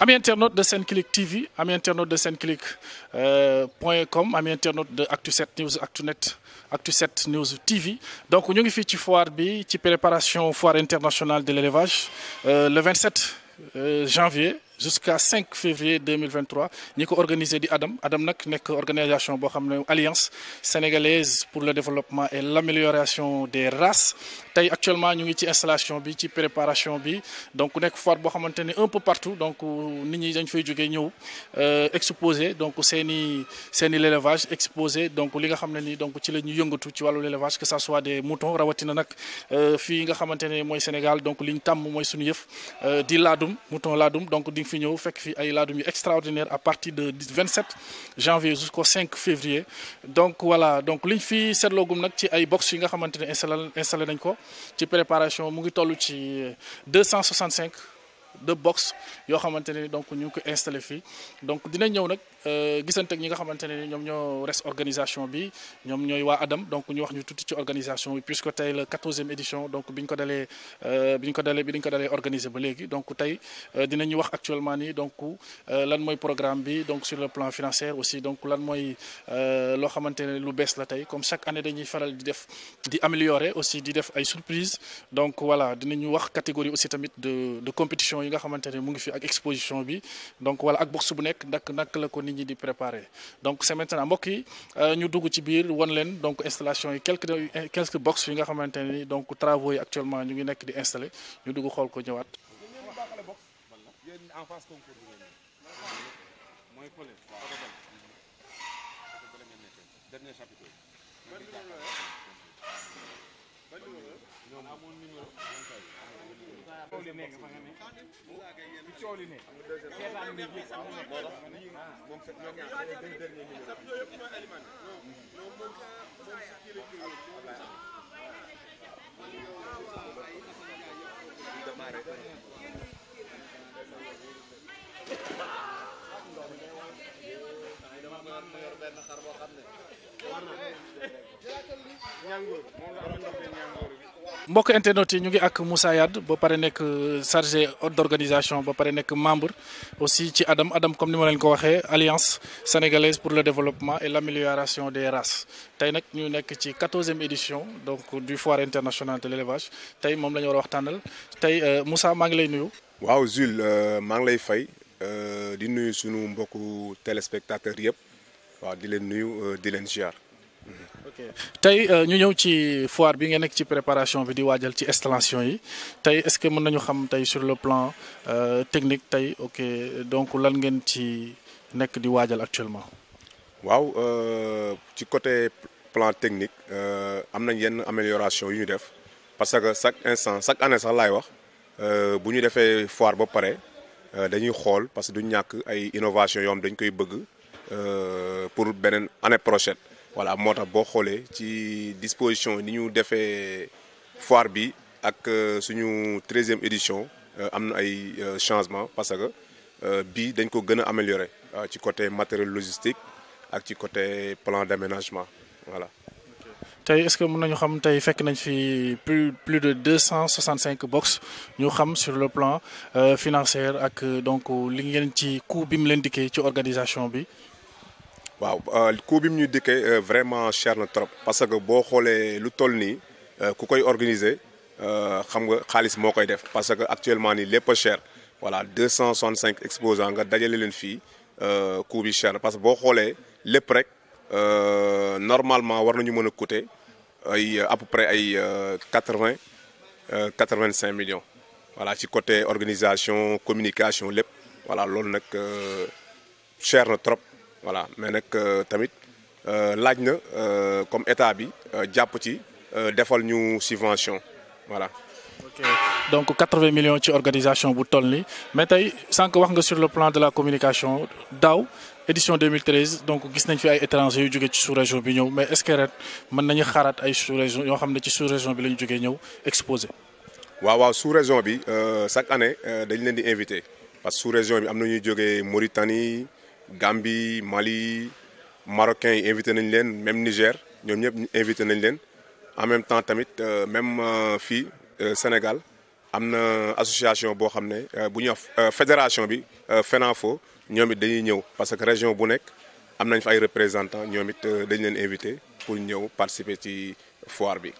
ami internaute de Senclic TV ami internaute de Senclic euh, point com ami internaute Actu 7 News Actu Net Actu 7 News TV donc ñu ngi fii ci foire bi ci préparation foire internationale de l'élevage euh, le 27 euh, janvier. jusqu'à 5 février 2023 ñi ko organisé di ADAM ADAM nag nekk organisation boo xam ne alliance sénégalaise pour le développement et l'amélioration des races tey actuellement ñu ngi ci installation bi ci préparation bi donc nekk foire boo xamante ni un peu partout donc euh, nit ñi dañ fay jógee ñëw euh, exposé donc seeni seeni l'élevage exposé donc li nga xam ne nii donc ci la ñu yëngatu ci wàllu l'élevage que ça soit des moutons rawatina nag euh, fii nga xamante ne mooy Sénégal donc li ñu tàmm mooy suñu yëf di laadum mouton laadum ngi fi ñëw fekk fi ay laadum yu extraordinaire à partir de 27 janvier jusqu'au 5 février donc voilà donc liñ fi seetloogum nag ci ay box yi nga xamante ne installé installé nañ ko ci préparation mu ngi toll ci cent 265 de box yoo xamante ne donc ñu ngi ko installé fii donc dina ñëw nag Euh, gisante ak ñi nga xamante ne ñoom ñoo res organisation bi ñoom ñooy waa Adam donc ñu wax ñu tuuti ci organisation bi puisque tey la quatorzième édition donc bi ñu ko dalee euh, bi ñu ko dalee bi ñu ko dalee ba léegi donc tey euh, dinañu wax actuellement nii donc lan mooy programme bi donc sur le plan financier aussi donc lan mooy loo xamante ne lu bees la tey comme chaque année dañuy faral di def di améliorer aussi di def ay surprise donc voilà dinañu wax catégorie aussi tamit de de yi nga xamante ne mu ngi fi ak bi ñi di préparer donc c'est maintenant mbokk yi euh, ñu dugg ci biir won leen donc installation yi quelques euh, quelques box yi nga xamante ni donc travaux yi actuellement ñu ngi nekk di installer ñu dugg xool ko ñëwaat. dernier chapitre ba ñoom amul numéro. coow li nekk fa nga ne. bu coow li nekk. seetaan bi gis amul nekk. moom sax ñoom ñaar ñoom ñaar ñoom ñaar ñoom ñaar ñoom ñaar ñoom dama yor benn xar boo xam ne mbokk internet yi ñu ngi ak Moussa Yade ba pare nekk euh, chargé d'organisation ba pare nekk membre aussi ci ADAM ADAM comme ni ma leen ko waxee alliance sénégalaise pour le développement et l'amélioration des races tey nag ñu nekk ci quatorzième édition donc du foire internationale de l'élevage tey moom la ñu war a waxtaanal tey euh, Moussa maa ngi lay nuyu. waaw Jules euh, maa ngi lay fay di nuyu sunu mbokku téléspectateurs yëpp. waaw di leen nuyu euh, di leen ziar. tey euh, ñu ñëw ci foire bi nga nekk ci préparation bi di waajal ci installation yi tey est-ce que mën nañu xam tey sur le plan euh, technique tey ok donc lan ngeen ci nekk di waajal actuellement. waaw ci côté plan technique am nañ yenn amélioration yu ñu def parce que chaque instant chaque année sax laay wax bu ñu defee foire ba pare dañuy xool parce que duñ ñàkk ay innovation yoo xam dañ koy bëgg. Euh, pour beneen année prochaine voilà moo tax boo xoolee ci disposition ni ñu defee foire bi ak euh, suñu treizième édition euh, am na ay changement parce que bi dañ ko gën a améliorer ci côté matériel logistique ak ci côté plan d'aménagement voilà. tey est-ce que mën nañu xam tey fekk nañ fi plus plus de deux cent soixante cinq box ñu xam sur le plan financier ak donc li ngeen ci coût bi mu leen dikkee ci organisation bi. waaw euh, coût bi mu ñu dikkee euh, vraiment cher na trop parce que boo xoolee lu toll nii euh, ku koy organiser xam nga xaalis moo koy def parce que actuellement nii lépp a cher voilà 265 exposants nga dajale leen fii coût bi cher na parce que boo xoolee lépp rek normalement war nañu mën a coûter ay à peu près ay 80 85 millions voilà ci côté organisation communication lépp voilà loolu nag cher na trop. voilà mais nag euh, tamit euh, laaj na euh, comme état bi jàpp ci defal ñu subvention voilà. ok donc 80 millions ci organisation bu toll nii mais tey sànq wax nga sur le plan de la communication daaw édition 2013 donc gis nañ fi ay étrangers yu jógee ci sous-région bi ñëw mais est mën nañu xaaraat ay sous-région yoo xam ne ci sous-région bi la jógee ñëw exposé. waaw waaw sous-région bi chaque année dañ leen di invité parce que sous-région bi am na ñuy jógee Mauritanie. Gambie Mali marocains yi invité nañ leen même Niger ñoom ñëpp invité nañ leen en même temps tamit euh, même euh, fii euh, Sénégal am na association boo xam ne bu ñuy wax fédération bi FENAFO ñoom it dañuy ñëw parce que région bu nekk am nañ fa ay représentants ñoom it dañu leen invité pour ñëw participer ci foire bi.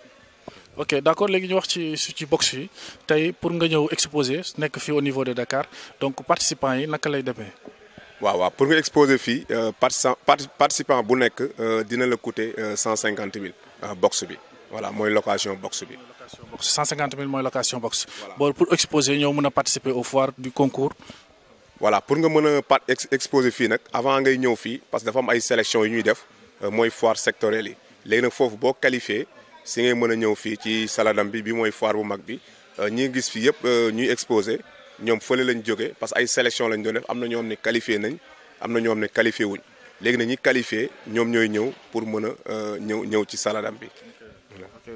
ok d' accord léegi ñu wax ci ci box yi tey pour nga ñëw exposer nekk fi au niveau de Dakar donc participants yi naka lay demee. waaw waaw pour nga exposer fii euh, participant bu nekk euh, dina la coûter euh, cent cinquante mille box bi voilà mooy location box bi. location box 150 000 mooy location box. voilà pour exposer ñoo mën a participer au foire du concours. voilà pour nga mën a part exposer fii nag avant ngay ñëw fii parce que dafa am ay sélection yu ñuy def mooy foire sectorielle yi léegi nag foofu boo qualifié si ngay mën a ñëw fii ci saladam bi bi mooy foire bu mag bi ñi gis fii yëpp ñuy exposé. ñoom fële lañ jóge parce que ay sélection lañ doon def am na ñoo xam ne qualifié nañ am na ñoo xam ne qualifié wuñ léegi na ñi qualifié ñoom ñooy ñëw pour mën a euh, ñëw ñëw ci saladam bi.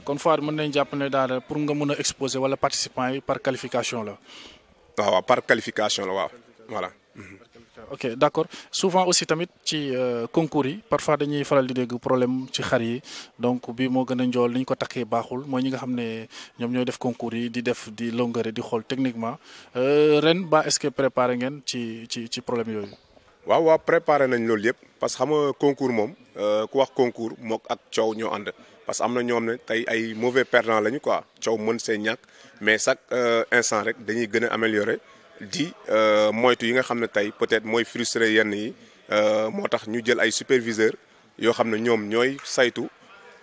kon Fouad mën nañ jàpp ne daal pour nga mën a exposé wala participants yi par qualification la. waaw par qualification la waaw voilà. ok d' accord souvent aussi tamit ci euh, concours yi parfois dañuy faral di dégg problème ci xar yi donc bi moo gën a njool ni ñu ko takkee baaxul mooy ñi nga xam ne ñoom ñooy def concours yi di def di longare di xool techniquement euh, ren ba est ce ngeen ci ci ci problème yooyu. waaw waaw préparé nañ loolu yëpp parce que xam nga concours moom euh, ku wax concours mook ak coow ñoo ànd parce que am na ñoom ne tey ay mauvais perdant lañu quoi coow mën see ñàkk mais chaque instant rek dañuy gën a améliorer. di euh, moytu yi nga xam ne tey peut-être mooy frustré yenn yi euh, moo tax ñu jël ay superviseur yoo xam ne ñoom ñooy saytu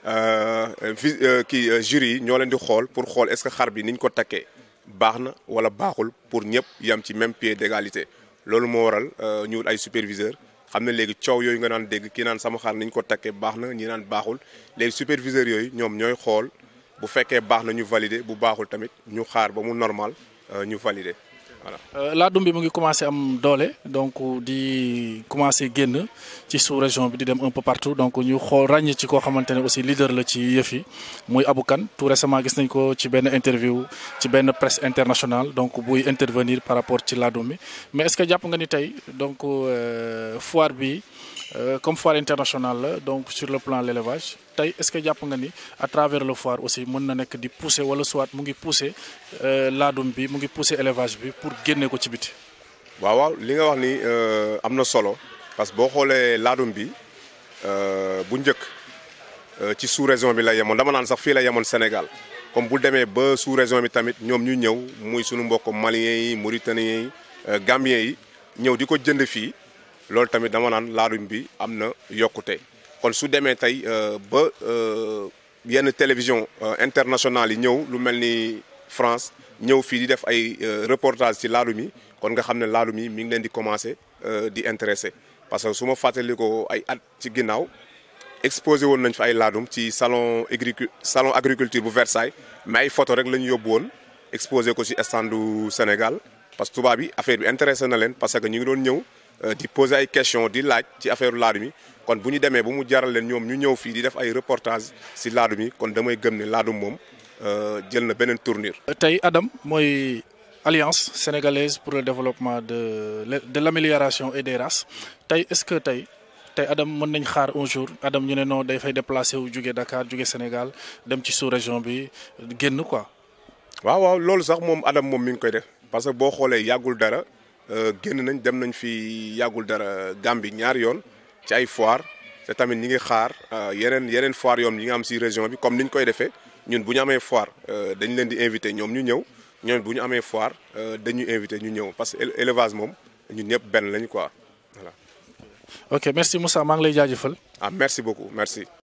euh, vi kii jury yi ñoo leen di xool pour xool est-ce que xar bi niñ ko takkee baax na walla baaxul pour ñëpp yam ci même pied d'égalité loolu moo waral ñu wut ay superviseur xam ne léegi coow yooyu nga naan dégg kii naan sama xar niñ ko takkee baax na ñi naan baaxul léegi superviseur yooyu ñoom ñooy xool bu fekkee baax na ñu valider bu baaxul tamit ñu xaar ba mu normal ñu valider. voilà euh, laadum bi mu ngi commencé am doole donc di commencé génn ci sous région bi di dem un peu partout donc ñu xool ràññ ci koo xamante ne aussi leader la ci yëf yi muy Abou Kane tout récemment gis nañ ko ci benn interview ci benn presse internationale donc buy intervenir par rapport ci laadum bi mais est jàpp nga ni tey donc euh, foire bi. Euh, comme foire internationale la donc sur le plan l' tey est ce que jàpp nga ni à travers le foire aussi mën na nekk di pousser wala soit mu ngi pousser euh, laadum bi mu ngi pousser élevage bi pour génne ko ci biti. waaw waaw li nga wax ni euh, am na solo parce que boo xoolee laadum bi bu njëkk ci sous région bi la yemoon dama naan sax fii la yemoon Sénégal comme bu demee ba sous région bi tamit ñoom ñu ñëw muy sunu mbokk maliens yi mauritaniens yi gambiens yi ñëw di ko jënd fii. loolu tamit dama naan Ladoum bi am na yokkute kon su demee tey euh, ba euh, yenn télévision euh, internationale yi ñëw lu mel ni France ñëw fii di def ay reportage ci Ladoum yi kon nga xam ne Ladoum yi mi ngi leen di commencé di intéressé parce que su ma fàttalikoo ay at ci ginnaaw exposé woon nañ fa ay Ladoum ci salon agricu salon agriculture bu Versailles mais ay photo rek la ñu yóbbu woon exposé ko ci standu Sénégal parce que tubaab yi affaire bi intéressé na leen parce que ñu ngi doon ñëw Euh, di poser ay question di laaj ci affaire Ladoum mi kon bu ñu demee ba mu jaral leen ñoom ñu ñëw fii di def ay reportage si Ladoum yi kon damay gëm ne Ladoum moom euh, jël na beneen tournir tey Adam mooy alliance sénégalaise pour le développement de de l'amélioration et des races tey est-ce que tey tey Adam mën nañ xaar un jour Adam ñu ne non day fay déplacé wu jóge Dakar juge Sénégal dem ci sous-région bi génn quoi. waaw waaw loolu sax moom Adam moom mi ngi koy def parce que boo xoolee yàggul dara. Euh, génn nañ dem nañ fi yàggul dara Gambie ñaari yoon ci ay foire te tamit ñi ngi xaar euh, yeneen yeneen foire yoom yi nga am si région bi comme ni ñu koy defee ñun bu ñu amee foir euh, dañ leen di invité ñoom ñu ñëw ñoom bu ñu amee foire dañuy invité ñu ñëw parce que élevage moom ñun ñëpp benn lañu quoi voilà. ok merci Moussa maa ngi lay jaajëfal. Ah, merci beaucoup merci.